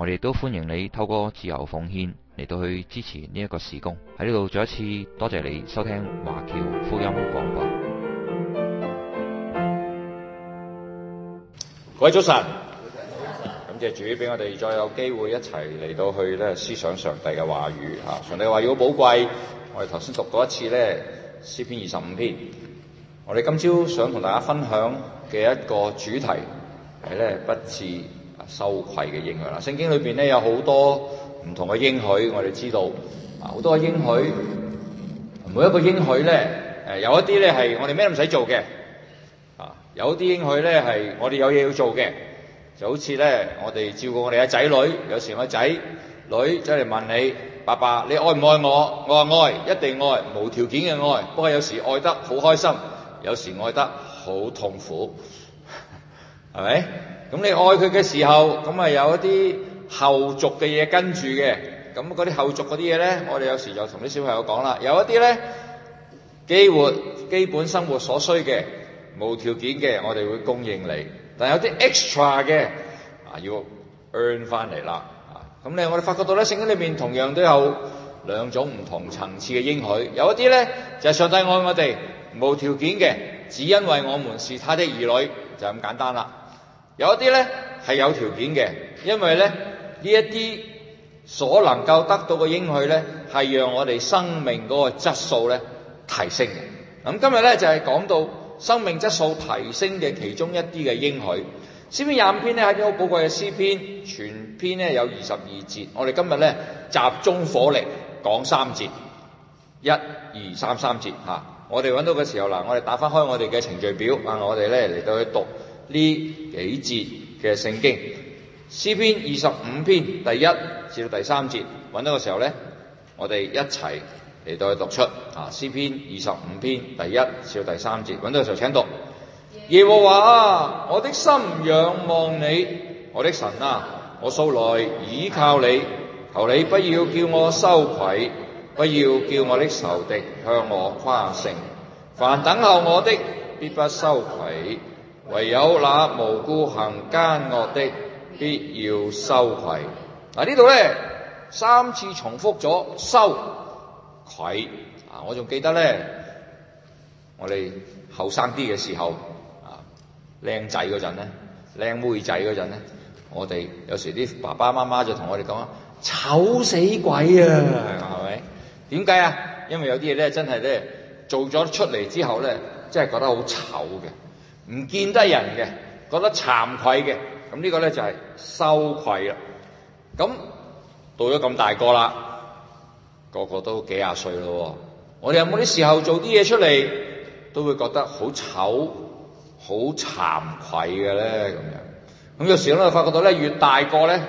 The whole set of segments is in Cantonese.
我哋都歡迎你透過自由奉獻嚟到去支持呢一個事工。喺呢度再一次多謝你收聽華僑福音廣播。各位早晨，早上感謝主俾我哋再有機會一齊嚟到去咧思想上帝嘅話語。吓，上帝話語好寶貴。我哋頭先讀過一次咧詩篇二十五篇。我哋今朝想同大家分享嘅一個主題係咧不至。羞愧嘅應許啦，聖經裏邊咧有好多唔同嘅應許，我哋知道，好多嘅應許，每一個應許咧，誒有一啲咧係我哋咩都唔使做嘅，啊，有啲應許咧係我哋有嘢要做嘅，就好似咧我哋照顧我哋嘅仔女，有時我仔女出嚟問你，爸爸你愛唔愛我？我話愛，一定愛，無條件嘅愛，不過有時愛得好開心，有時愛得好痛苦，係咪？咁你愛佢嘅時候，咁啊有一啲後續嘅嘢跟住嘅。咁嗰啲後續嗰啲嘢咧，我哋有時就同啲小朋友講啦，有一啲咧基活基本生活所需嘅無條件嘅，我哋會供應你。但有啲 extra 嘅啊，要 earn 翻嚟啦啊。咁咧，我哋發覺到咧，聖經裏面同樣都有兩種唔同層次嘅應許。有一啲咧就係上帝愛我哋無條件嘅，只因為我們是他的兒女，就咁簡單啦。有一啲咧係有條件嘅，因為咧呢一啲所能夠得到嘅應許咧，係讓我哋生命嗰個質素咧提升嘅。咁今日咧就係講到生命質素提升嘅其中一啲嘅應許。詩篇廿五篇咧係一篇好寶貴嘅詩篇，詩篇全篇咧有二十二節，我哋今日咧集中火力講三節，一、二、三三節嚇。我哋揾到嘅時候嗱，我哋打翻開我哋嘅程序表，啊，我哋咧嚟到去讀。呢幾節嘅聖經詩篇二十五篇第一至到第三節，揾到嘅時候咧，我哋一齊嚟到去讀出啊！詩篇二十五篇第一至到第三節，揾到嘅時候請讀。耶和華啊，我的心仰望你，我的神啊，我素來倚靠你，求你不要叫我羞愧，不要叫我的仇敵向我誇勝。凡等候我的，必不羞愧。唯有那無故行奸惡的，必要羞愧。嗱、啊、呢度咧三次重複咗羞愧啊！我仲記得咧，我哋後生啲嘅時候啊，靚仔嗰陣咧，靚妹仔嗰陣咧，我哋有時啲爸爸媽媽就同我哋講： 醜死鬼啊！係咪？點解啊？因為有啲嘢咧，真係咧，做咗出嚟之後咧，真係覺得好醜嘅。唔見得人嘅，覺得慚愧嘅，咁呢個咧就係羞愧啦。咁到咗咁大個啦，個個都幾廿歲咯。我哋有冇啲時候做啲嘢出嚟，都會覺得好醜、好慚愧嘅咧？咁樣，咁有時咧，我發覺到咧，越大個咧，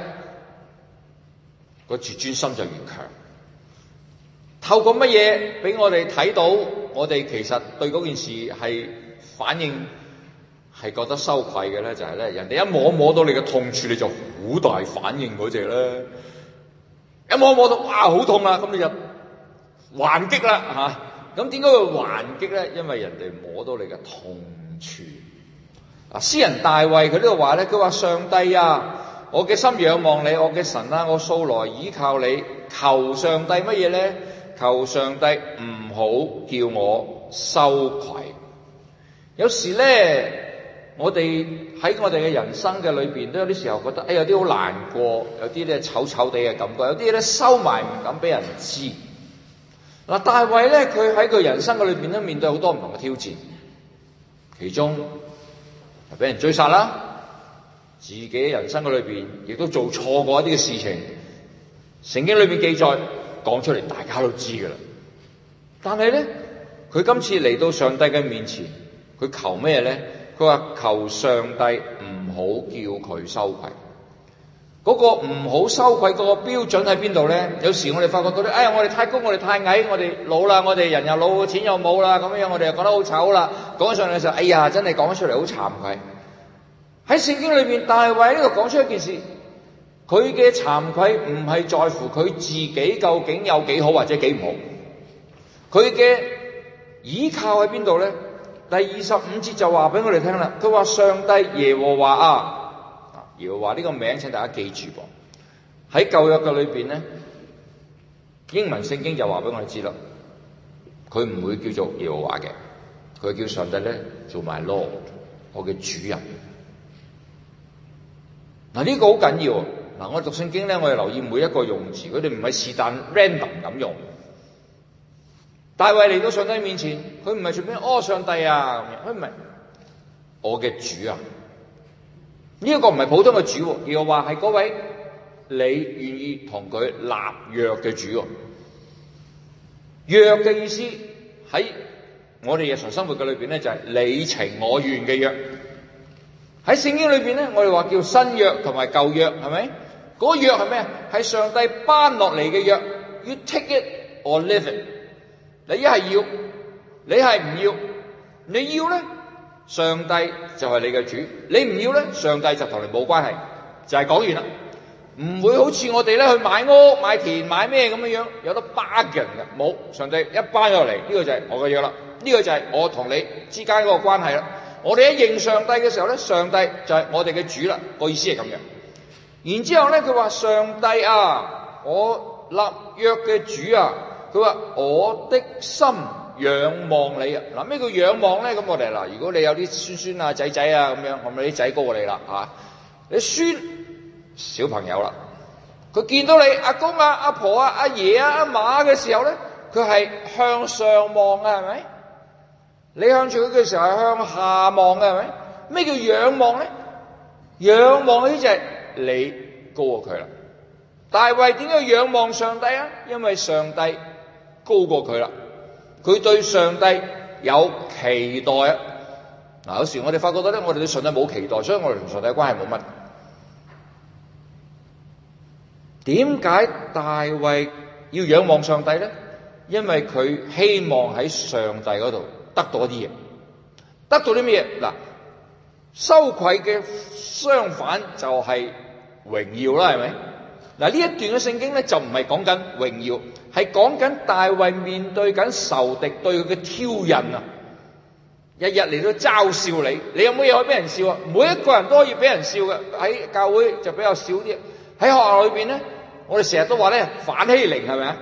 個自尊心就越強。透過乜嘢俾我哋睇到，我哋其實對嗰件事係反應？係覺得羞愧嘅咧，就係咧，人哋一摸一摸到你嘅痛處，你就好大反應嗰隻咧。一摸一摸到，哇，好痛啦、啊！咁你就還擊啦，嚇、啊。咁點解會還擊咧？因為人哋摸到你嘅痛處。啊，詩人大衛佢呢度話咧，佢話上帝啊，我嘅心仰望你，我嘅神啊，我素來倚靠你。求上帝乜嘢咧？求上帝唔好叫我羞愧。有時咧。我哋喺我哋嘅人生嘅裏邊，都有啲時候覺得，哎，有啲好難過，有啲咧醜醜地嘅感覺，有啲咧收埋唔敢俾人知。嗱，大衛咧，佢喺佢人生嘅裏邊都面對好多唔同嘅挑戰，其中就俾人追殺啦，自己人生嘅裏邊亦都做錯過一啲嘅事情。聖經裏邊記載講出嚟，大家都知噶啦。但係咧，佢今次嚟到上帝嘅面前，佢求咩咧？佢話求上帝唔好叫佢羞愧，嗰、嗰個唔好羞愧嗰個標準喺邊度咧？有時我哋發覺到咧，哎呀我哋太高，我哋太矮，我哋老啦，我哋人又老，錢又冇啦，咁樣我哋又覺得好醜啦。講上嚟就，哎呀，真係講出嚟好慚愧。喺聖經裏邊，大衛喺度講出一件事，佢嘅慚愧唔係在乎佢自己究竟有幾好或者幾唔好，佢嘅依靠喺邊度咧？第二十五節就話俾我哋聽啦，佢話上帝耶和華啊，耶和華呢個名，請大家記住噃。喺舊約嘅裏邊咧，英文聖經就話俾我哋知啦，佢唔會叫做耶和華嘅，佢叫上帝咧做埋 Lord，我嘅主人。嗱、這、呢個好緊要，嗱我讀聖經咧，我哋留意每一個用詞，佢哋唔係是但 random 咁用。大衛嚟到上帝面前，佢唔係做咩屙上帝啊？佢唔係我嘅主啊。呢、這、一個唔係普通嘅主、啊，而我話係嗰位你願意同佢立約嘅主、啊。約嘅意思喺我哋日常生活嘅裏邊咧，就係、是、你情我願嘅約。喺聖經裏邊咧，我哋話叫新約同埋舊約，係咪？嗰約係咩啊？係上帝頒落嚟嘅約，要 take it or leave it。你一係要，你係唔要，你要咧，上帝就係你嘅主；你唔要咧，上帝就同你冇關係。就係、是、講完啦，唔會好似我哋咧去買屋、買田、買咩咁樣樣，有得巴嘅人噶，冇上帝一巴落嚟，呢、這個就係我嘅約啦。呢、這個就係我同你之間嗰個關係啦。我哋一認上帝嘅時候咧，上帝就係我哋嘅主啦。個意思係咁樣。然之後咧，佢話上帝啊，我立約嘅主啊。佢話：我的心仰望你啊！嗱，咩叫仰望咧？咁我哋嗱，如果你有啲孫孫啊、仔仔啊咁樣，我咪啲仔高過你啦？嚇、啊，你孫小朋友啦，佢見到你阿公啊、阿婆啊、阿爺啊、阿嫲嘅時候咧，佢係向上望啊，係咪？你向住佢嘅時候係向下望嘅，係咪？咩叫仰望咧？仰望呢即係你高過佢啦。大衛點解仰望上帝啊？因為上帝高過佢啦，佢對上帝有期待啊！嗱，有時我哋發覺到咧，我哋對上帝冇期待，所以我哋同上帝關係冇乜。點解大衛要仰望上帝咧？因為佢希望喺上帝嗰度得到啲嘢，得到啲咩嘢？嗱，羞愧嘅相反就係榮耀啦，係咪？嗱，呢一段嘅聖經咧就唔係講緊榮耀。係講緊大衛面對緊仇敵對佢嘅挑釁啊！日日嚟到嘲笑你，你有冇嘢可以俾人笑啊？每一個人都可以俾人笑嘅，喺教會就比較少啲。喺學校裏邊咧，我哋成日都話咧，反欺凌係咪啊？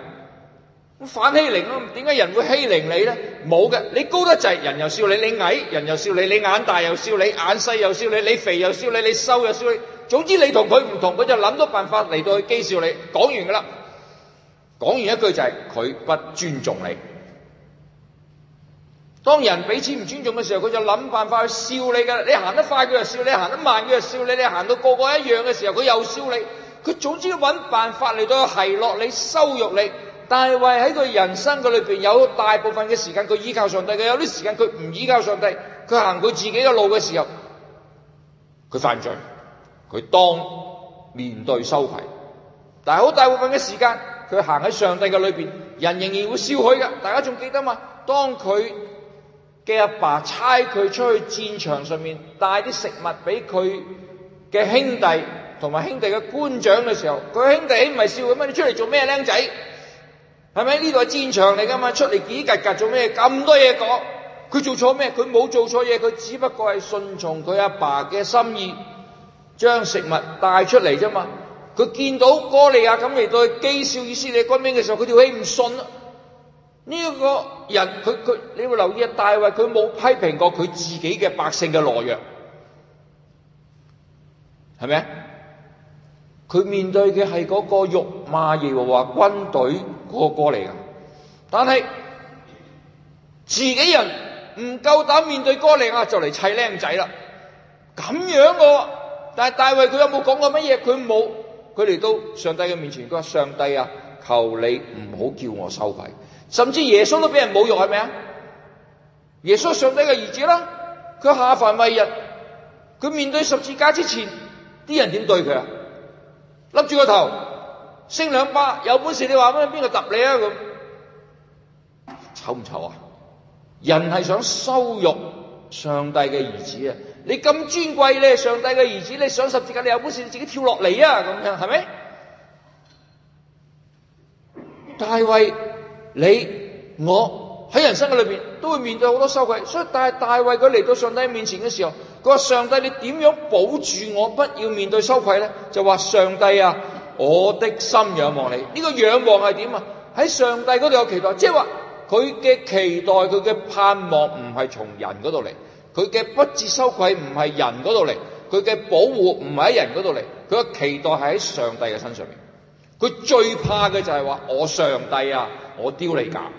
反欺凌咯，點解人會欺凌你咧？冇嘅，你高得滯，人又笑你；你矮，人又笑你；你眼大又笑你，眼細又笑你；你肥又笑你，你瘦又笑你。總之你同佢唔同，佢就諗到辦法嚟到去譏笑你。講完噶啦。講完一句就係、是、佢不尊重你。當人俾錢唔尊重嘅時候，佢就諗辦法去笑你嘅。你行得快，佢就笑你；行得慢，佢就笑你。你行到個個一樣嘅時候，佢又笑你。佢總之揾辦法嚟到奚落你、羞辱你。但係為喺佢人生嘅裏邊有大部分嘅時間，佢依靠上帝；佢有啲時間佢唔依靠上帝，佢行佢自己嘅路嘅時候，佢犯罪，佢當面對羞愧。但係好大部分嘅時間。佢行喺上帝嘅裏邊，人仍然會笑佢嘅。大家仲記得嘛？當佢嘅阿爸差佢出去戰場上面帶啲食物俾佢嘅兄弟同埋兄弟嘅官長嘅時候，佢兄弟唔係笑佢咩？你出嚟做咩啊，僆仔？係咪呢度係戰場嚟噶嘛？出嚟嘰嘰嘎嘎做咩？咁多嘢講，佢做錯咩？佢冇做錯嘢，佢只不過係順從佢阿爸嘅心意，將食物帶出嚟啫嘛。佢見到哥利亞咁嚟對譏笑以色列軍兵嘅時候，佢條氣唔順啦。呢、這個人佢佢，你會留意啊，大衛佢冇批評過佢自己嘅百姓嘅懦弱，係咪啊？佢面對嘅係嗰個辱罵耶和華軍隊嗰個哥利亞，但係自己人唔夠膽面對哥利亞就嚟砌靚仔啦。咁樣嘅、啊，但係大衛佢有冇講過乜嘢？佢冇。佢嚟到上帝嘅面前，佢話：上帝啊，求你唔好叫我羞愧。甚至耶穌都俾人侮辱，係咪啊？耶穌，上帝嘅兒子啦，佢下凡為人，佢面對十字架之前，啲人點對佢啊？擸住個頭，升兩巴，有本事你話乜？邊個揼你啊？咁醜唔醜啊？人係想羞辱上帝嘅兒子啊！你咁尊貴咧，上帝嘅兒子，你想十字架？你有本事你自己跳落嚟啊！咁樣係咪？大衛，你我喺人生嘅裏邊都會面對好多羞愧，所以但係大衛佢嚟到上帝面前嘅時候，佢話上帝，你點樣保住我，不要面對羞愧咧？就話上帝啊，我的心仰望你。呢個仰望係點啊？喺上帝嗰度有期待，即係話佢嘅期待，佢嘅盼望唔係從人嗰度嚟。佢嘅不至羞愧唔係人嗰度嚟，佢嘅保護唔係喺人嗰度嚟，佢嘅期待係喺上帝嘅身上面。佢最怕嘅就係話我上帝啊，我丟你架。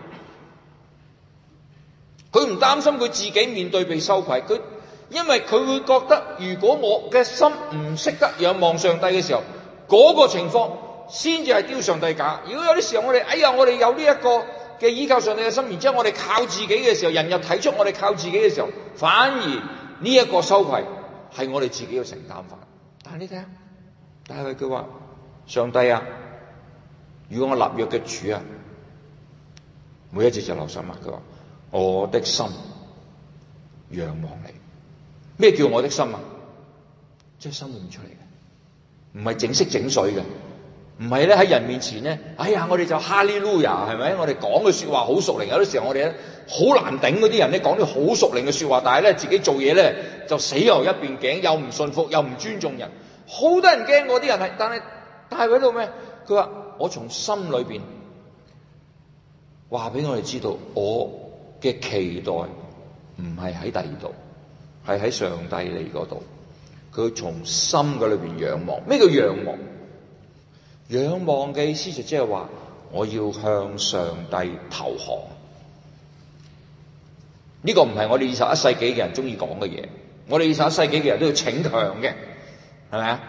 佢唔擔心佢自己面對被羞愧，佢因為佢會覺得如果我嘅心唔識得仰望上帝嘅時候，嗰、嗰個情況先至係丟上帝架，如果有啲時候我哋哎呀，我哋有呢一個嘅依靠上帝嘅心，然之後我哋靠自己嘅時候，人又睇出我哋靠自己嘅時候。反而呢一個羞愧係我哋自己要承擔翻。但係你睇下，但係佢話上帝啊，如果我立約嘅主啊，每一次就流上墨。佢話我的心仰望你，咩叫我的心啊？即係生活出嚟嘅，唔係整色整水嘅。唔係咧，喺人面前咧，哎呀，我哋就哈利路亞，係咪？我哋講嘅説話好熟靈，有啲時候我哋咧好難頂嗰啲人咧講啲好熟靈嘅説話，但係咧自己做嘢咧就死牛一邊頸，又唔信服，又唔尊重人，好多人驚嗰啲人係。但係但係喺度咩？佢話我從心裏邊話俾我哋知道，我嘅期待唔係喺第二度，係喺上帝你嗰度。佢從心嘅裏邊仰望。咩叫仰望？仰望嘅意思就即係話，我要向上帝投降。呢個唔係我哋二十一世紀嘅人中意講嘅嘢。我哋二十一世紀嘅人都要逞強嘅，係咪啊？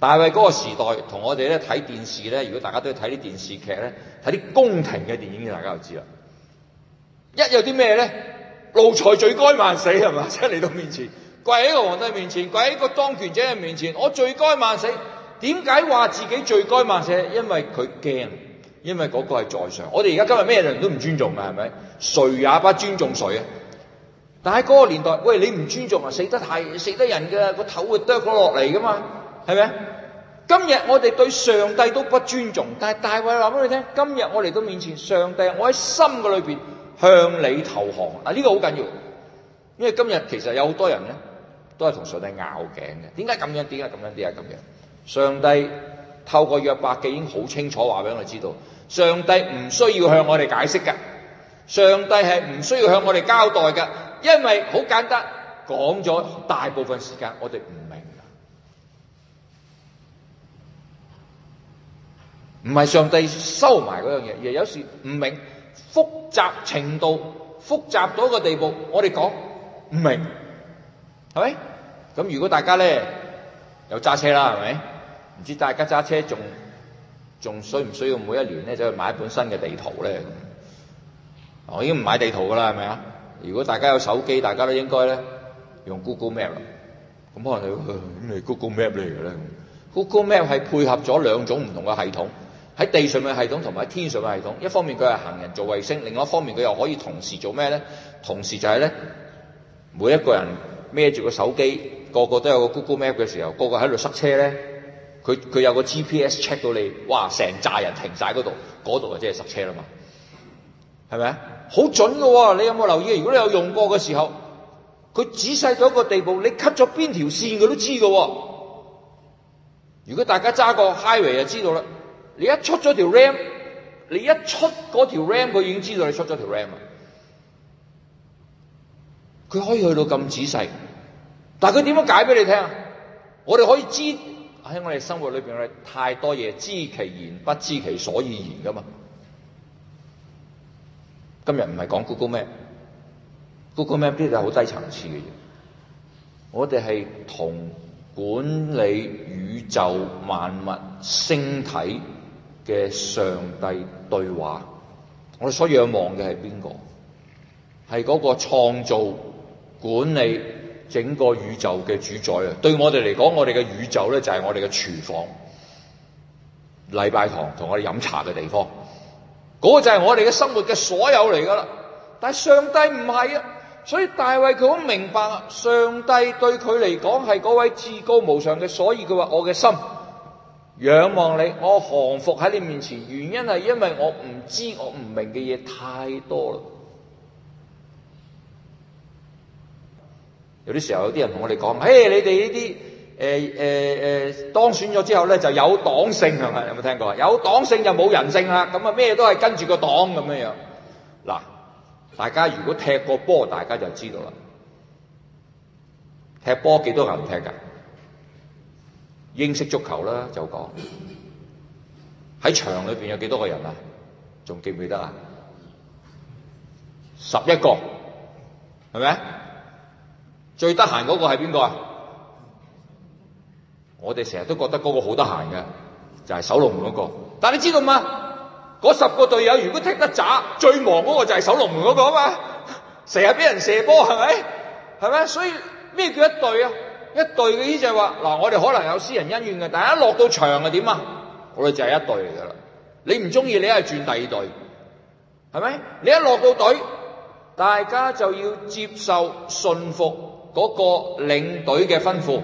大衛嗰個時代，同我哋咧睇電視咧，如果大家都睇啲電視劇咧，睇啲宮廷嘅電影嘅，大家就知啦。一有啲咩咧，奴才罪該萬死係嘛，即係嚟到面前，跪喺個皇帝面前，跪喺個當權者嘅面前，我罪該萬死。點解話自己罪該萬死？因為佢驚，因為嗰個係在上。我哋而家今日咩人都唔尊重嘅，係咪？誰也不尊重誰啊！但喺嗰個年代，喂，你唔尊重啊，死得太死得人嘅個頭會剁咗落嚟噶嘛？係咪？今日我哋對上帝都不尊重，但係大衛話俾你聽：今日我哋都面前上帝，我喺心嘅裏邊向你投降。啊，呢個好緊要，因為今日其實有好多人咧，都係同上帝拗頸嘅。點解咁樣？點解咁樣？點解咁樣？上帝透過約伯記已經好清楚話俾我哋知道，上帝唔需要向我哋解釋嘅，上帝係唔需要向我哋交代嘅，因為好簡單講咗大部分時間我哋唔明嘅，唔係上帝收埋嗰樣嘢，而有時唔明複雜程度複雜到一個地步，我哋講唔明，係咪？咁如果大家咧又揸車啦，係咪？唔知大家揸車仲仲需唔需要每一年咧就去買一本新嘅地圖咧？我已經唔買地圖㗎啦，係咪啊？如果大家有手機，大家都應該咧用 Google Map、呃、Google Map 呢 Google Map 啦。咁可能你 Google Map 嚟嘅咧？Google Map 係配合咗兩種唔同嘅系統，喺地上嘅系統同埋喺天上嘅系統。一方面佢係行人做衛星，另外一方面佢又可以同時做咩咧？同時就係咧，每一個人孭住個手機，個個都有個 Google Map 嘅時候，個個喺度塞車咧。佢佢有個 GPS check 到你，哇！成扎人停晒嗰度，嗰度就即係塞車啦嘛，係咪？好準嘅喎！你有冇留意？如果你有用過嘅時候，佢仔細到一個地步，你 cut 咗邊條線，佢都知嘅喎。如果大家揸個 Highway 就知道啦，你一出咗條 ram，你一出嗰條 ram，佢已經知道你出咗條 ram 啊！佢可以去到咁仔細，但係佢點樣解俾你聽？我哋可以知。喺我哋生活裏邊咧，我哋太多嘢知其然不知其所以然噶嘛。今日唔係講 Google Map，Google Map 呢啲就係好低層次嘅嘢。我哋係同管理宇宙萬物星體嘅上帝對話，我哋所仰望嘅係邊個？係嗰個創造管理。整個宇宙嘅主宰啊！對我哋嚟講，我哋嘅宇宙咧就係我哋嘅廚房、禮拜堂同我哋飲茶嘅地方，嗰個就係我哋嘅生活嘅所有嚟噶啦。但係上帝唔係啊，所以大衛佢好明白啊！上帝對佢嚟講係嗰位至高無上嘅，所以佢話我嘅心仰望你，我降服喺你面前，原因係因為我唔知我唔明嘅嘢，太多啦。有啲時候有啲人同我哋講，嘿，你哋呢啲誒誒誒當選咗之後咧，就有黨性係咪？有冇聽過啊？有黨性就冇人性啦，咁啊咩都係跟住個黨咁樣樣。嗱，大家如果踢過波，大家就知道啦。踢波幾多個人踢㗎？英式足球啦，就講喺場裏邊有幾多個人啊？仲記唔記得啊？十一個係咪啊？最得閒嗰個係邊個啊？我哋成日都覺得嗰個好得閒嘅，就係守龍門嗰個。但係你知道嗎？嗰十個隊友如果踢得渣，最忙嗰個就係守龍門嗰個啊嘛！成日俾人射波，係咪？係咪？所以咩叫一隊啊？一隊嘅意思就係話，嗱，我哋可能有私人恩怨嘅，但係一落到場係點啊？我哋就係一隊嚟噶啦。你唔中意，你係轉第二隊，係咪？你一落到隊，大家就要接受、信服。嗰個領隊嘅吩咐，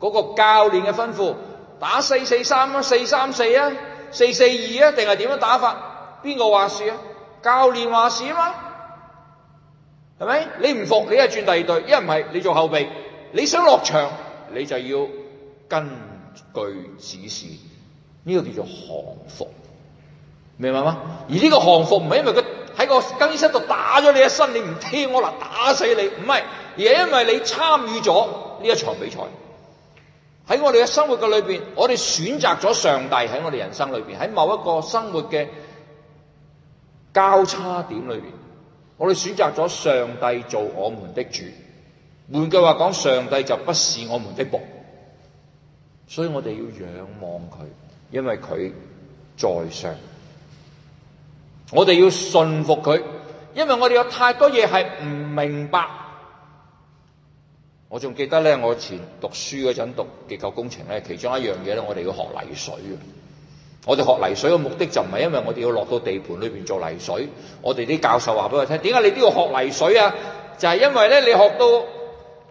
嗰個教練嘅吩咐，打四四三啊，四三四啊，四四二啊，定係點樣打法？邊個話事啊？教練話事啊嘛，係咪？你唔服，你係轉第二隊，一唔係你做後備。你想落場，你就要根據指示，呢個叫做降服，明白嗎？而呢個降服唔係因為佢。喺個更衣室度打咗你一身，你唔聽我啦，打死你！唔係，而係因為你參與咗呢一場比賽。喺我哋嘅生活嘅裏邊，我哋選擇咗上帝喺我哋人生裏邊，喺某一個生活嘅交叉點裏邊，我哋選擇咗上帝做我們的主。換句話講，上帝就不是我們的僕。所以我哋要仰望佢，因為佢在上。我哋要信服佢，因為我哋有太多嘢係唔明白。我仲記得咧，我以前讀書嗰陣讀結構工程咧，其中一樣嘢咧，我哋要學泥水。我哋學泥水嘅目的就唔係因為我哋要落到地盤裏邊做泥水。我哋啲教授話俾我聽：點解你都要學泥水啊？就係因為咧，你學到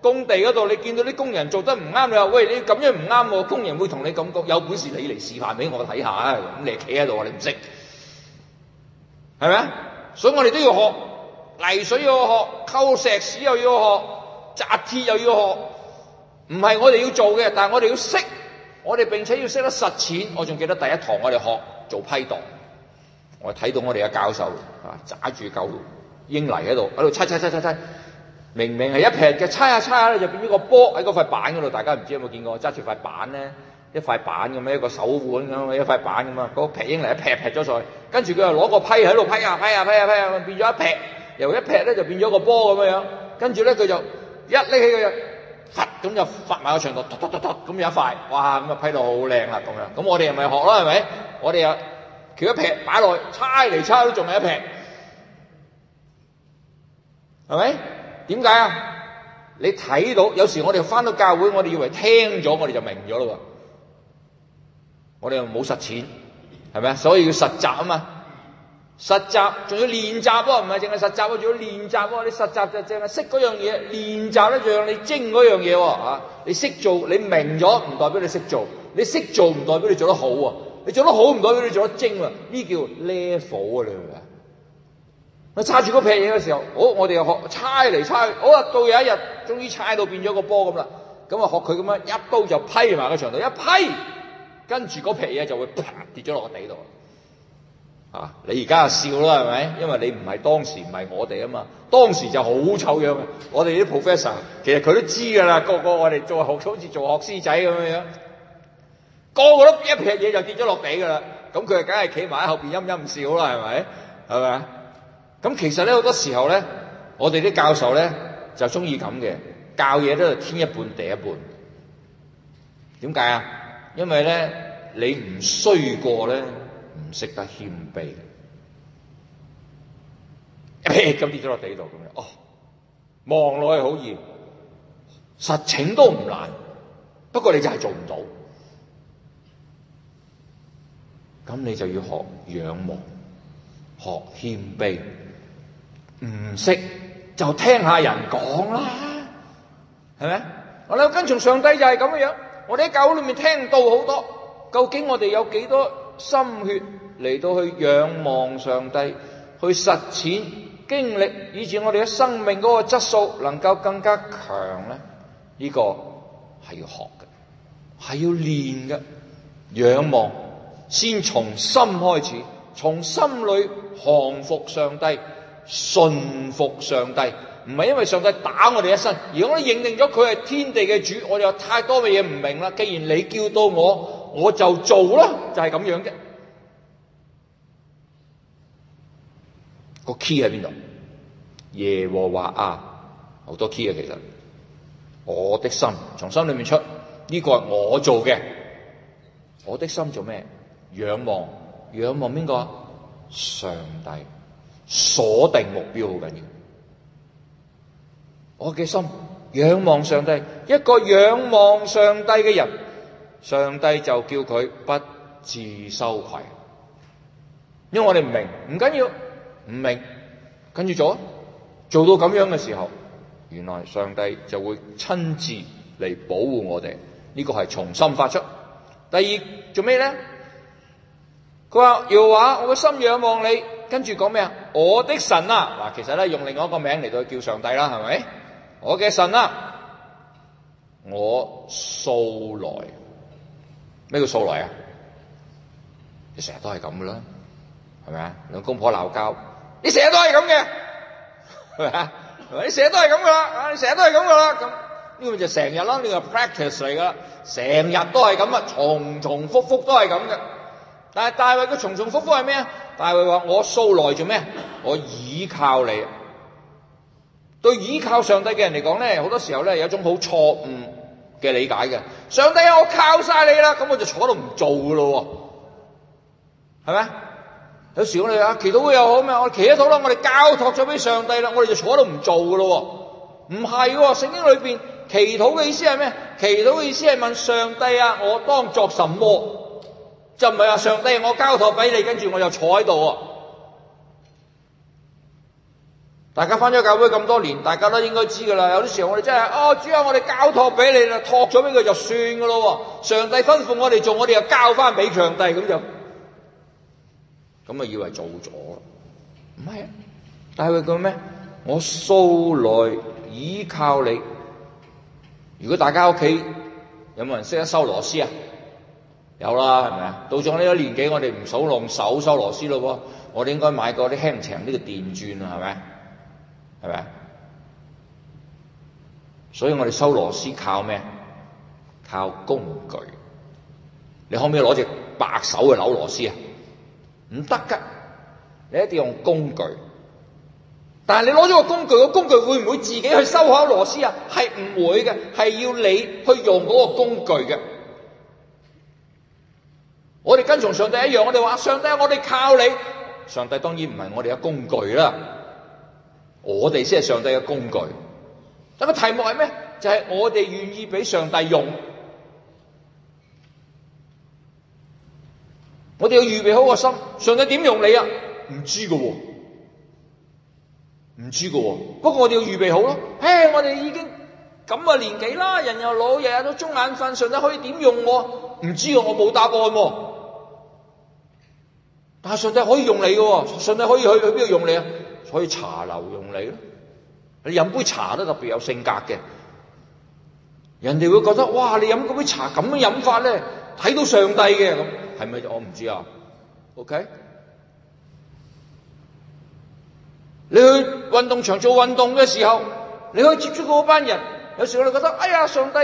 工地嗰度，你見到啲工人做得唔啱，你話喂，你咁樣唔啱喎，工人會同你咁講，有本事你嚟示範俾我睇下啊！咁你企喺度，你唔識。係咪啊？所以我哋都要學泥水，又要學，溝石屎又要學，紮鐵又要學。唔係我哋要做嘅，但係我哋要識，我哋並且要識得實踐。我仲記得第一堂我哋學做批盪，我睇到我哋嘅教授啊，揸住舊英泥喺度喺度猜猜猜猜猜，明明係一撇嘅，猜下猜下咧，就變咗個波喺嗰塊板嗰度。大家唔知有冇見過揸住塊板咧？一塊板咁樣一個手腕咁啊，一塊板咁啊，嗰個劈英嚟一劈劈咗落去，跟住佢又攞個批喺度批啊，批啊，批啊，批啊，變咗一劈，由一劈咧就變咗個波咁樣樣，跟住咧佢就一拎起佢就，突咁就發埋個長度，突突突突咁有一塊，哇咁啊批到好靚啦咁樣，咁我哋咪學咯係咪？我哋又佢一劈擺落去，猜嚟猜去都仲係一劈，係咪？點解啊？你睇到有時我哋返到教會，我哋以為聽咗我哋就明咗咯喎。我哋又冇實踐，係咪啊？所以要實習啊嘛！實習仲要練習喎，唔係淨係實習啊！仲要練習喎。你實習就淨係識嗰樣嘢，練習咧就讓你精嗰樣嘢喎、啊。你識做你明咗，唔代表你識做；你識做唔代表你做得好啊！你做得好唔代表你做得精啊！呢叫 level 啊！你明唔明啊？我叉住嗰劈嘢嘅時候，好、哦，我哋學猜嚟猜去，好、哦、啊！到有一日，終於猜到變咗個波咁啦，咁啊學佢咁樣一刀就批埋個場度，一批。一跟住嗰撇嘢就會啪跌咗落地度，啊！你而家啊笑啦，係咪？因為你唔係當時唔係我哋啊嘛，當時就好醜樣嘅。我哋啲 professor 其實佢都知噶啦，個個我哋做學好似做學師仔咁嘅樣，個個都一撇嘢就跌咗落地噶啦。咁佢啊梗係企埋喺後邊陰陰笑啦，係咪？係咪啊？咁其實咧好多時候咧，我哋啲教授咧就鍾意咁嘅教嘢都係天一半地一半。點解啊？因為咧，你唔衰過咧，唔識得謙卑，咁跌咗落地度咁樣。哦，望落去好易，實情都唔難，不過你就係做唔到。咁你就要學仰望，學謙卑，唔識就聽下人講啦，係咪？我哋跟從上帝就係咁嘅樣。我哋喺教裏面聽到好多，究竟我哋有幾多心血嚟到去仰望上帝，去實踐經歷，以至我哋嘅生命嗰個質素能夠更加強咧？呢個係要學嘅，係要練嘅。仰望先從心開始，從心裏降服上帝，順服上帝。唔係因為上帝打我哋一身，而如果我哋認定咗佢係天地嘅主，我哋有太多嘅嘢唔明啦。既然你叫到我，我就做咯，就係、是、咁樣嘅。個 key 喺邊度？耶和華啊，好多 key 啊，其實我的心從心裏面出，呢、這個係我做嘅。我的心做咩？仰望，仰望邊個？上帝，鎖定目標好緊要。我嘅心仰望上帝，一個仰望上帝嘅人，上帝就叫佢不自羞愧。因為我哋唔明，唔緊要，唔明，跟住做，做到咁樣嘅時候，原來上帝就會親自嚟保護我哋。呢個係從心發出。第二做咩咧？佢話耶和華，我嘅心仰望你，跟住講咩啊？我的神啊！嗱，其實咧用另外一個名嚟到叫上帝啦，係咪？我嘅神啊，我素來，咩叫素來啊？你成日都係咁噶啦，係咪啊？兩公婆鬧交，你成日都係咁嘅，係咪啊？你成日都係咁噶啦，啊，你成日都係咁噶啦，咁呢個咪就成日啦，呢個 practice 嚟噶啦，成日都係咁啊，重重複複都係咁嘅。但係大衛嘅重重複複係咩啊？大衛話我素來做咩啊？我倚靠你。對依靠上帝嘅人嚟講咧，好多時候咧，有一種好錯誤嘅理解嘅。上帝啊，我靠晒你啦，咁我就坐喺度唔做噶咯，係咪？有時我哋啊，祈禱會又好咩？我祈禱咯，我哋交託咗畀上帝啦，我哋就坐喺度唔做噶咯。唔係聖經裏邊祈禱嘅意思係咩？祈禱嘅意思係問上帝啊，我當作什麼？就唔係話上帝，我交託畀你，跟住我就坐喺度。大家返咗教會咁多年，大家都應該知㗎喇。有啲時候我哋真係哦，主啊，我哋交託俾你啦，託咗俾佢就算噶咯。上帝吩咐我哋做，我哋又交返俾上帝咁就咁啊，就以為做咗啦，唔係，但係佢講咩？「我素來倚靠你。如果大家屋企有冇人識得收螺絲啊？有啦，係咪啊？到咗呢個年紀，我哋唔數弄手收螺絲咯。我哋應該買個啲輕長啲嘅電鑽啊，係咪？係咪啊？所以我哋收螺絲靠咩？靠工具。你可唔可以攞隻白手去扭螺絲啊？唔得噶，你一定要用工具。但係你攞咗個工具，個工具會唔會自己去收好螺絲啊？係唔會嘅，係要你去用嗰個工具嘅。我哋跟從上帝一樣，我哋話上帝，我哋靠你。上帝當然唔係我哋嘅工具啦。我哋先係上帝嘅工具。但個題目係咩？就係、是，我哋願意俾上帝用。我哋要預備好個心，上帝點用你啊？唔知㗎喎，哦，唔知㗎喎，哦。不過我哋要預備好咯。唉，哎，我哋已經咁嘅年紀啦，人又老，日日都中眼瞓，上帝可以點用我？唔知我冇答案喎。但係上帝可以用你嘅，上帝可以去去邊度用你啊？所以茶樓用你咯，你飲杯茶都特別有性格嘅，人哋會覺得哇，你飲杯茶咁樣飲法咧，睇到上帝嘅，咁，係咪？我唔知啊。OK，你去運動場做運動嘅時候，你可以接觸嗰班人，有時我哋覺得哎呀，上帝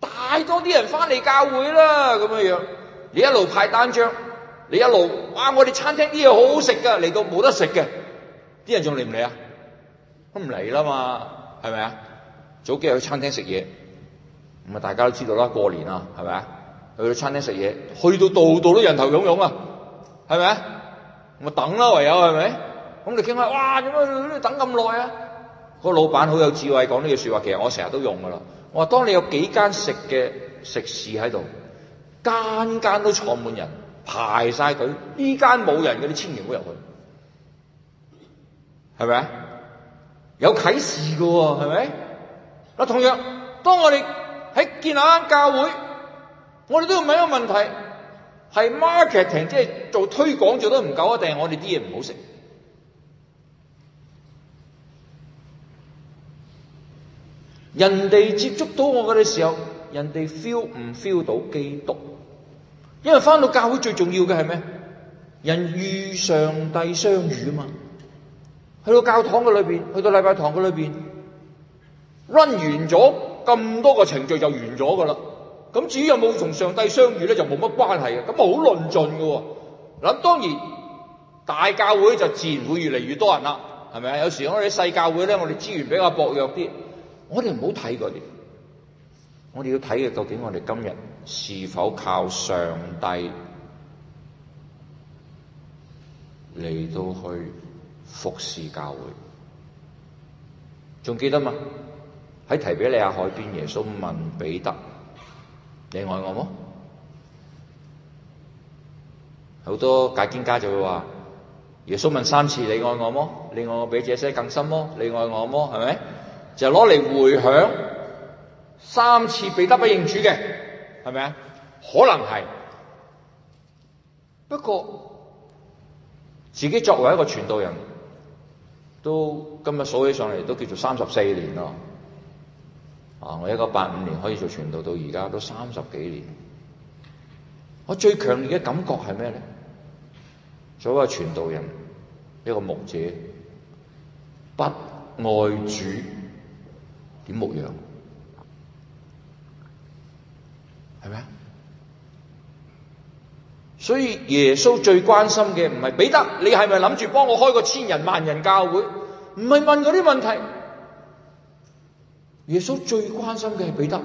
帶多啲人翻嚟教會啦，咁樣樣，你一路派單張。你一路哇！我哋餐廳啲嘢好好食噶，嚟到冇得食嘅啲人仲嚟唔嚟啊？都唔嚟啦嘛，係咪啊？早幾日去餐廳食嘢，咁啊大家都知道啦。過年啊，係咪啊？去到餐廳食嘢，去到度度都人頭涌湧啊，係咪啊？我等啦，唯有係咪？咁你傾下哇，點解你等咁耐啊？個老闆好有智慧，講呢句說話，其實我成日都用噶啦。我話：當你有幾間食嘅食肆喺度，間間都坐滿人。排晒隊，呢間冇人嗰啲千祈唔好入去，係咪？有啟示嘅喎，係咪？嗱，同樣當我哋喺建立間教會，我哋都要問一個問題：係 marketing 即係做推廣做得唔夠啊，定係我哋啲嘢唔好食？人哋接觸到我嗰啲時候，人哋 feel 唔 feel 到基督？因為翻到教會最重要嘅係咩？人與上帝相遇啊嘛！去到教堂嘅裏邊，去到禮拜堂嘅裏邊，run 完咗咁多個程序就完咗噶啦。咁至於有冇同上帝相遇咧，就冇乜關係嘅。咁啊好論盡㗎。嗱，當然大教會就自然會越嚟越多人啦。係咪啊？有時我哋啲細教會咧，我哋資源比較薄弱啲，我哋唔好睇嗰啲。我哋要睇嘅究竟，我哋今日是否靠上帝嚟到去服侍教會？仲記得嘛？喺提比利亞海邊，耶穌問彼得：你愛我麼？好多解經家就會話：耶穌問三次，你愛我麼？你愛我比這些更深麼？你愛我麼？係咪？就攞嚟回響。三次彼得不認主嘅，係咪啊？可能係，不過自己作為一個傳道人都今日數起上嚟，都叫做三十四年咯。啊，我一九八五年可以做傳道到而家都三十幾年，我最強烈嘅感覺係咩呢？作為一個傳道人，一個牧者，不愛主，點牧羊？係咩？所以耶穌最關心嘅唔係彼得，你係咪諗住幫我開個千人萬人教會？唔係問嗰啲問題。耶穌最關心嘅係彼得，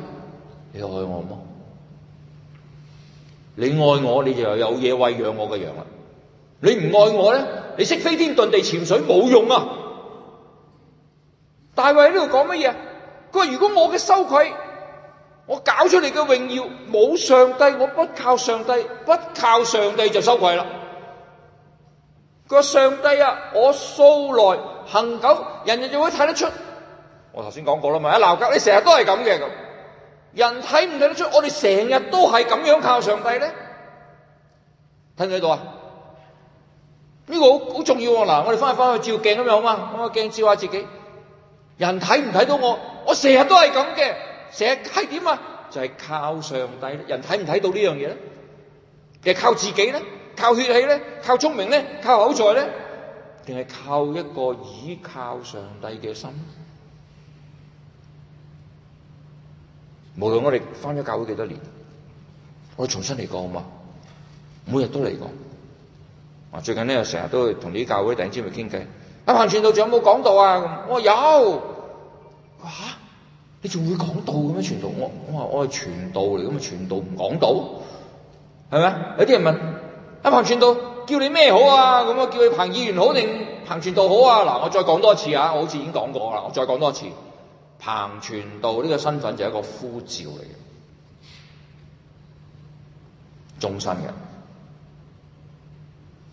你愛我麼？你愛我，你就有嘢餵養我嘅羊啦。你唔愛我咧，你識飛天遁地潛水冇用啊！大衛喺呢度講乜嘢？佢話如果我嘅羞愧。我搞出嚟嘅榮耀冇上帝，我不靠上帝，不靠上帝就羞愧啦。佢話上帝啊，我素來行久，人哋就會睇得、得出。我頭先講過啦嘛，喺鬧交，你成日都係咁嘅，咁。人睇唔睇得出？我哋成日都係咁樣靠上帝咧。睇唔睇到，這個，啊？呢個好好重要喎。嗱，我哋翻去翻去照鏡咁樣好嘛，攞個鏡照下自己。人睇唔睇到我？我成日都係咁嘅。成日係點啊？就係、是、靠上帝，人睇唔睇到呢樣嘢咧？其實靠自己咧，靠血氣咧，靠聰明咧，靠口才咧，定係靠一個倚靠上帝嘅心？無論我哋翻咗教會幾多年，我重新嚟過好嘛？每日都嚟過。啊，最近呢，又成日都同啲教會弟兄姊妹去傾偈。阿、啊、彭傳道長有冇講道啊？我話有。吓、啊？你仲會講道嘅咩？傳道我，我我話我係傳道嚟，咁啊傳道唔講道，係咪？有啲人問，啊、彭傳道，叫你咩好啊？咁啊，叫你彭議員好定彭傳道好啊？嗱，我再講多次啊！我好似已經講過啦，我再講多次。彭傳道呢個身份就係一個呼召嚟嘅，終身嘅。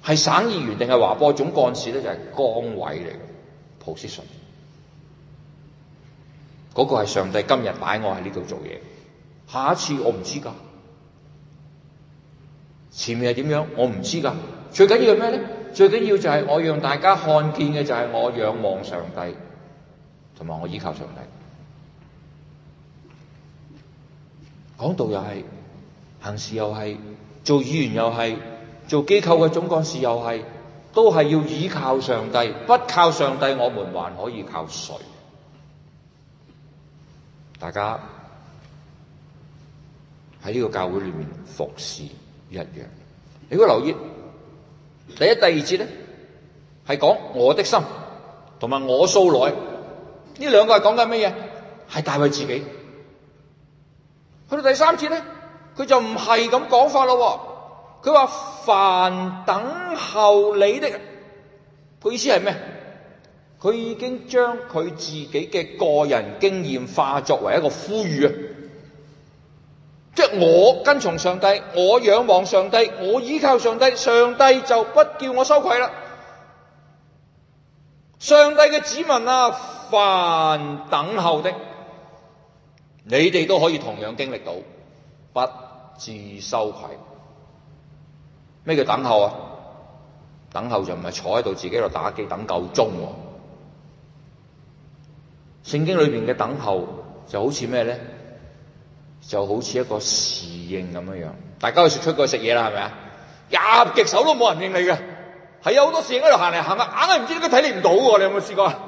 係省議員定係華波總幹事咧，就係崗位嚟嘅，position。嗰個係上帝今日擺我喺呢度做嘢，下一次我唔知噶，前面係點樣我唔知噶，最緊要係咩咧？最緊要就係我讓大家看見嘅就係我仰望上帝，同埋我依靠上帝。講道又係，行事又係，做議員又係，做機構嘅總幹事又係，都係要依靠上帝。不靠上帝，我們還可以靠誰？大家喺呢個教會裏面服侍一樣。你如果留意第一、第二節咧，係講我的心同埋我素來，呢兩個係講緊乜嘢？係大衛自己。去到第三節咧，佢就唔係咁講法咯。佢話凡等候你的，佢意思係咩？佢已經將佢自己嘅個人經驗化作為一個呼籲，即係我跟從上帝，我仰望上帝，我依靠上帝，上帝就不叫我羞愧啦。上帝嘅子民啊，凡等候的，你哋都可以同樣經歷到不致羞愧。咩叫等候啊？等候就唔係坐喺度自己喺度打機等夠鐘喎。聖經裏面嘅等候就好似咩呢？就好似一個侍應咁樣，大家可以出過去食嘢啦，係咪啊？壓極手都冇人應你嘅，係有好多侍應喺度行嚟行去，硬係唔知點解睇你唔到喎。你有冇試過啊？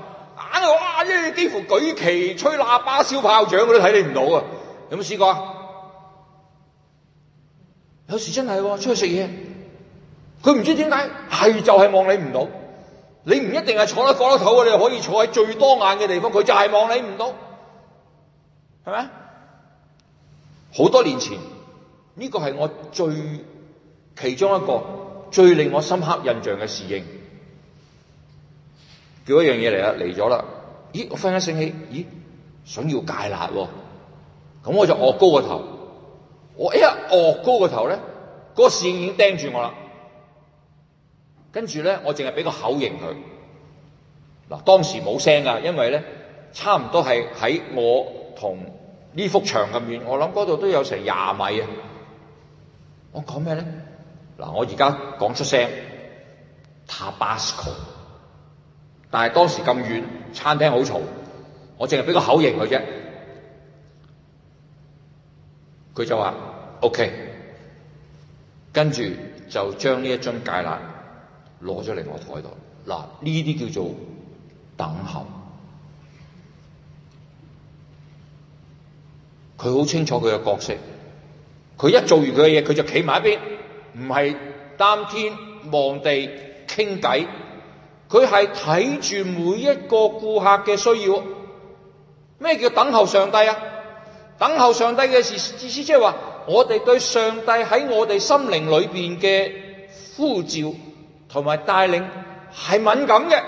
硬係哇，呢幾乎舉旗、吹喇叭、燒炮仗，佢都睇你唔到啊！有冇試過啊？有時真係、哦、出去食嘢，佢唔知點解係就係望你唔到。你唔一定係坐得角落頭啊，你就可以坐喺最多眼嘅地方。佢就係望你唔到，係咪啊？好多年前，呢、這個係我最其中一個最令我深刻印象嘅侍應，叫一樣嘢嚟啦，嚟咗啦。咦，我忽然間醒起，咦，想要戒辣喎、哦。咁我就昂高個頭，我一昂高頭，那個頭咧，嗰侍應已經盯住我啦。跟住咧，我淨係俾個口型佢。嗱，當時冇聲噶，因為咧差唔多係喺我同呢幅牆咁遠，我諗嗰度都有成廿米啊！我講咩咧？嗱，我而家講出聲，Tabasco。但係當時咁遠，餐廳好嘈，我淨係俾個口型佢啫。佢就話：OK。跟住就將呢一樽芥辣，攞咗嚟我台度嗱，呢啲叫做等候。佢好清楚佢嘅角色。佢一做完佢嘅嘢，佢就企埋一邊，唔係擔天望地傾偈。佢係睇住每一個顧客嘅需要。咩叫等候上帝啊？等候上帝嘅事，意思即係話我哋對上帝喺我哋心靈裏邊嘅呼召。同埋帶領係敏感嘅，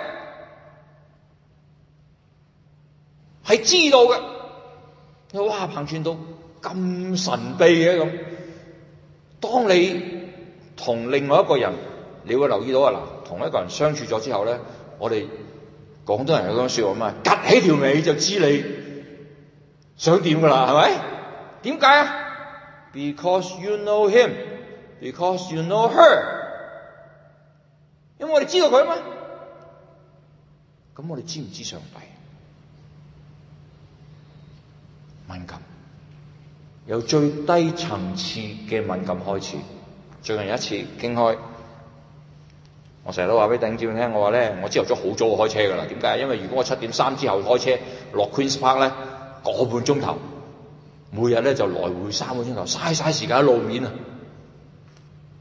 係知道嘅。哇！彭村都咁神秘嘅咁。當你同另外一個人，你會留意到啊嗱，同一個人相處咗之後咧，我哋廣東人有種説話嘛：「趌起條尾就知你想點噶啦，係咪？點解啊？Because you know him, because you know her。因為我哋知道佢啊嘛，咁我哋知唔知上帝？敏感，由最低層次嘅敏感開始。最近有一次經開，我成日都話俾頂志永聽，我話咧，我朝頭早好早就開車噶啦。點解？因為如果我七點三之後開車落 Queen's Park 咧，個半鐘頭，每日咧就來回三個鐘頭，嘥嘥時間路面啊，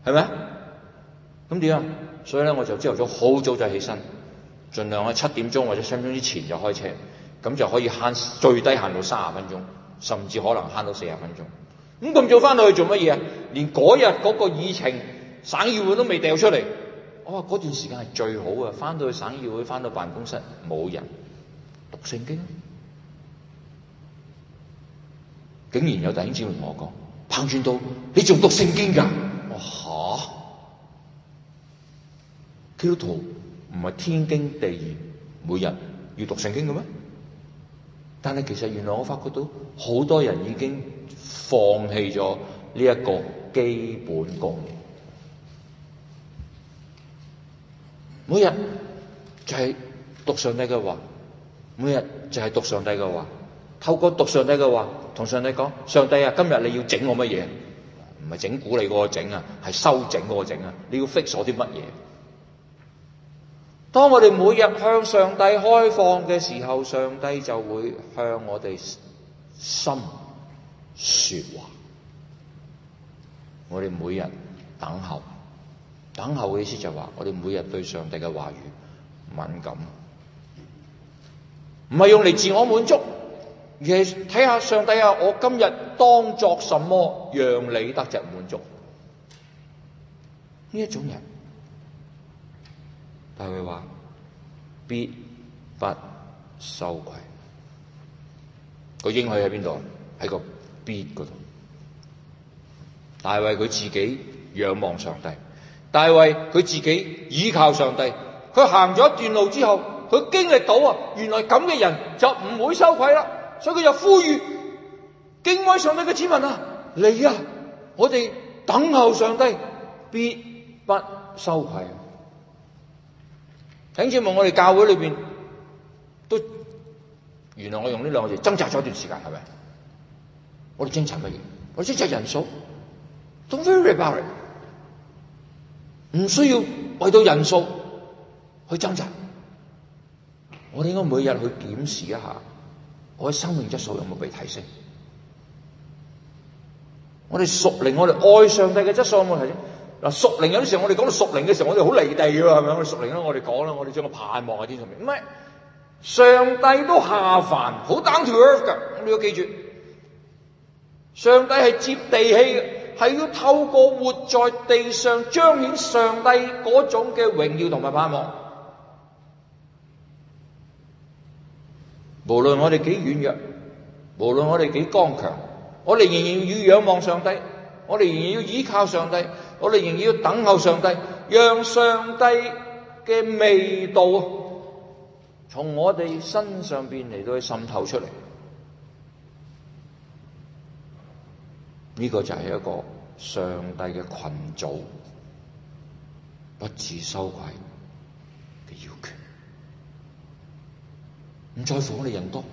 係咪？咁點啊？所以咧，我就朝頭早好早就起身，盡量喺七點鐘或者七點鐘之前就開車，咁就可以慳最低慳到三十分鐘，甚至可能慳到四十分鐘。咁咁早翻到去做乜嘢啊？連嗰日嗰個議程省議會都未掉出嚟，我話嗰段時間係最好啊！翻到去省議會，翻到辦公室冇人讀聖經，竟然有弟兄姊妹同我講，彭傳道你仲讀聖經噶？我吓。基督徒唔係天經地義，每日要讀聖經嘅咩？但係其實原來我發覺到好多人已經放棄咗呢一個基本功。每日就係讀上帝嘅話，每日就係讀上帝嘅話，透過讀上帝嘅話同上帝講：上帝啊，今日你要整我乜嘢？唔係整蠱嗰個整啊，係修整嗰個整啊，你要 fix 咗啲乜嘢？當我哋每日向上帝開放嘅時候，上帝就會向我哋心說話。我哋每日等候，等候嘅意思就係話，我哋每日對上帝嘅話語敏感，唔係用嚟，自我滿足，而係睇下上帝啊，我今日當作什麼，讓你得着滿足呢？一種人。大衛話：必不羞愧。個應許喺邊度？喺個必嗰度。大衛佢自己仰望上帝，大衛佢自己倚靠上帝。佢行咗一段路之後，佢經歷到啊，原來咁嘅人就唔會羞愧啦。所以佢就呼籲敬畏上帝嘅子民啊：嚟啊！我哋等候上帝，必不羞愧。請借問我哋教會裏面，都原來我用呢兩個字掙扎咗一段時間係咪？我哋掙扎乜嘢？我哋掙扎人數。都 Don't worry about it，唔需要為到人數去掙扎。我哋應該每日去檢視一下，我嘅生命質素有冇被提升？我哋熟練，我哋愛上帝嘅質素有冇提升？嗱，屬靈有啲時候，我哋講到屬靈嘅時候，我哋好離地㗎，係咪啊？屬靈咧，我哋講啦，我哋將個盼望喺天上面。唔係上帝都下凡，好 down to earth 噶。咁你要記住，上帝係接地氣嘅，係要透過活在地上彰顯上帝嗰種嘅榮耀同埋盼望。無論我哋幾軟弱，無論我哋幾剛強，我哋仍然要仰望上帝，我哋仍然要依靠上帝。我哋仍然要等候上帝，讓上帝嘅味道從我哋身上邊嚟，到去滲透出嚟。呢、這個就係一個上帝嘅群組，不自羞愧嘅要求，唔在乎我哋人多，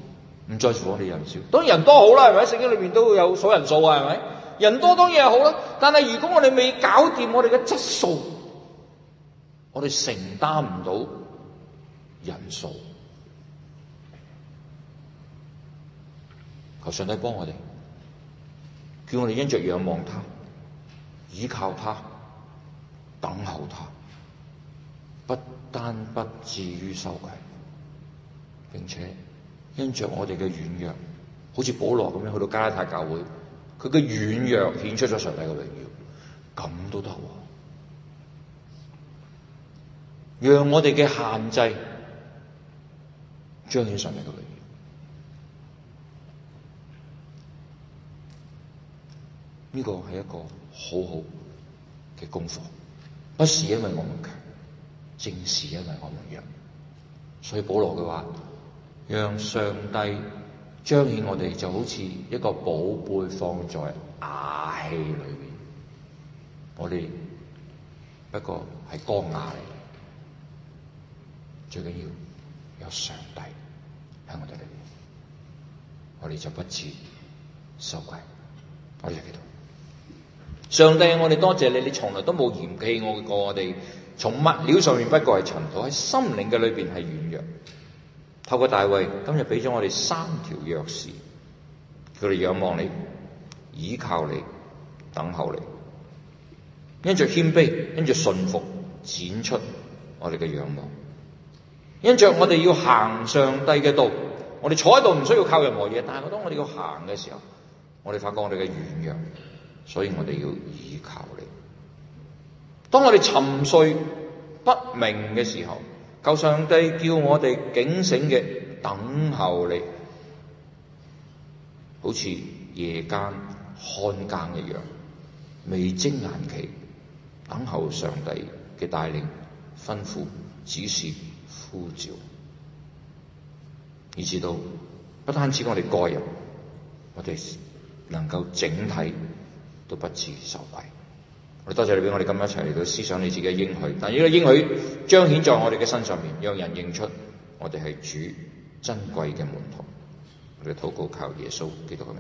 唔在乎我哋人少。當然人多好啦，係咪？聖經裏面都有數人數啊，係咪？人多當然好啦，但係如果我哋未搞掂我哋嘅質素，我哋承擔唔到人數。求上帝幫我哋，叫我哋因着仰望他、依靠他、等候他，不單不至於羞愧，並且因着我哋嘅軟弱，好似保羅咁樣去到加拉太教會。佢嘅軟弱顯出咗上帝嘅榮耀，咁都得。讓我哋嘅限制彰顯上帝嘅榮耀，呢個係一個好好嘅功課。不是因為我們強，正是因為我們弱。所以保羅佢話，讓上帝。彰顯，我哋就好似一個寶貝放在瓦器裏面，我哋不過係光瓦嚟，最緊要有上帝喺我哋裏面，我哋就不至羞愧。我哋基督上帝，我哋多謝你，你從來都冇嫌棄我過我哋，從物料上面不過係塵土，喺心靈嘅裏邊係軟弱。透過大衛今日俾咗我哋三條鑰匙，佢哋仰望你，倚靠你，等候你。因着謙卑，因着順服，展出我哋嘅仰望。因着我哋要行上帝嘅道，我哋坐喺度唔需要靠任何嘢，但係當我哋要行嘅時候，我哋發覺我哋嘅軟弱，所以我哋要倚靠你。當我哋沉睡不明嘅時候。求上帝叫我哋警醒嘅等候你，好似夜間、看更一樣，未睜眼期等候上帝嘅帶領、吩咐、指示、呼召，以至到不單止我哋個人，我哋能夠整體都不致羞愧。我多謝你俾我哋今日一齊嚟到思想你自己嘅應許，但係呢個應許彰顯在我哋嘅身上面，讓人認出我哋係主珍貴嘅門徒。我哋禱告靠耶穌基督嘅名。